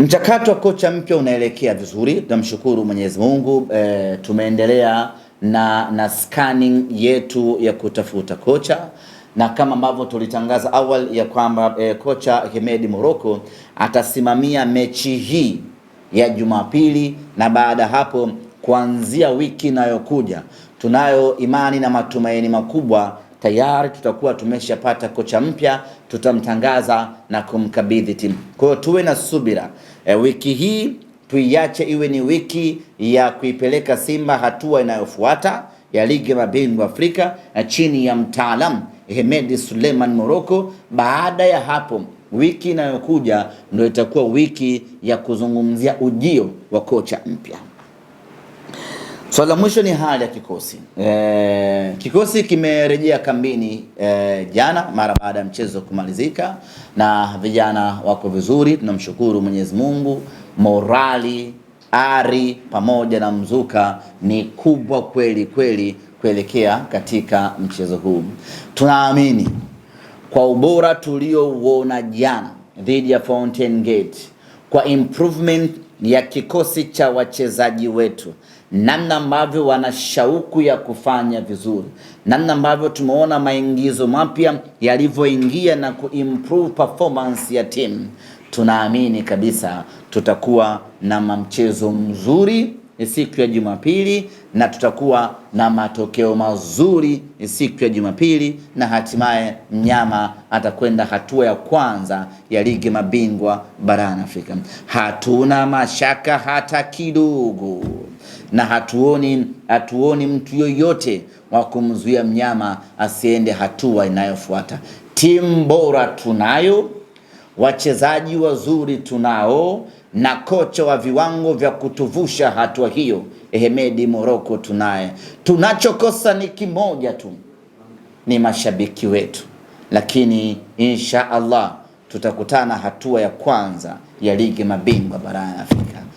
Mchakato wa kocha mpya unaelekea vizuri, tunamshukuru Mwenyezi Mungu. E, tumeendelea na, na scanning yetu ya kutafuta kocha na kama ambavyo tulitangaza awali ya kwamba e, kocha Hemedi Morocco atasimamia mechi hii ya Jumapili na baada ya hapo kuanzia wiki inayokuja tunayo imani na matumaini makubwa tayari tutakuwa tumeshapata kocha mpya, tutamtangaza na kumkabidhi timu. Kwa hiyo tuwe na subira e, wiki hii tuiache iwe ni wiki ya kuipeleka Simba hatua inayofuata ya ligi ya mabingwa Afrika eh, chini ya mtaalamu Hemedi Suleiman Moroko. Baada ya hapo wiki inayokuja ndio itakuwa wiki ya kuzungumzia ujio wa kocha mpya. Swala la mwisho ni hali ya kikosi e, kikosi kimerejea kambini e, jana mara baada ya mchezo kumalizika, na vijana wako vizuri, tunamshukuru Mwenyezi Mungu. Morali, ari pamoja na mzuka ni kubwa kweli kweli kuelekea katika mchezo huu. Tunaamini kwa ubora tuliouona jana dhidi ya Fountain Gate, kwa improvement ya kikosi cha wachezaji wetu namna ambavyo wana shauku ya kufanya vizuri, namna ambavyo tumeona maingizo mapya yalivyoingia na kuimprove performance ya timu. Tunaamini kabisa tutakuwa na mchezo mzuri siku ya Jumapili na tutakuwa na matokeo mazuri siku ya Jumapili, na hatimaye mnyama atakwenda hatua ya kwanza ya ligi mabingwa barani Afrika. Hatuna mashaka hata kidogo na hatuoni, hatuoni mtu yoyote wa kumzuia mnyama asiende hatua inayofuata. Timu bora tunayo, wachezaji wazuri tunao, na kocha wa viwango vya kutuvusha hatua hiyo Hemedi Moroko tunaye. Tunachokosa ni kimoja tu, ni mashabiki wetu, lakini insha Allah tutakutana hatua ya kwanza ya ligi mabingwa barani Afrika.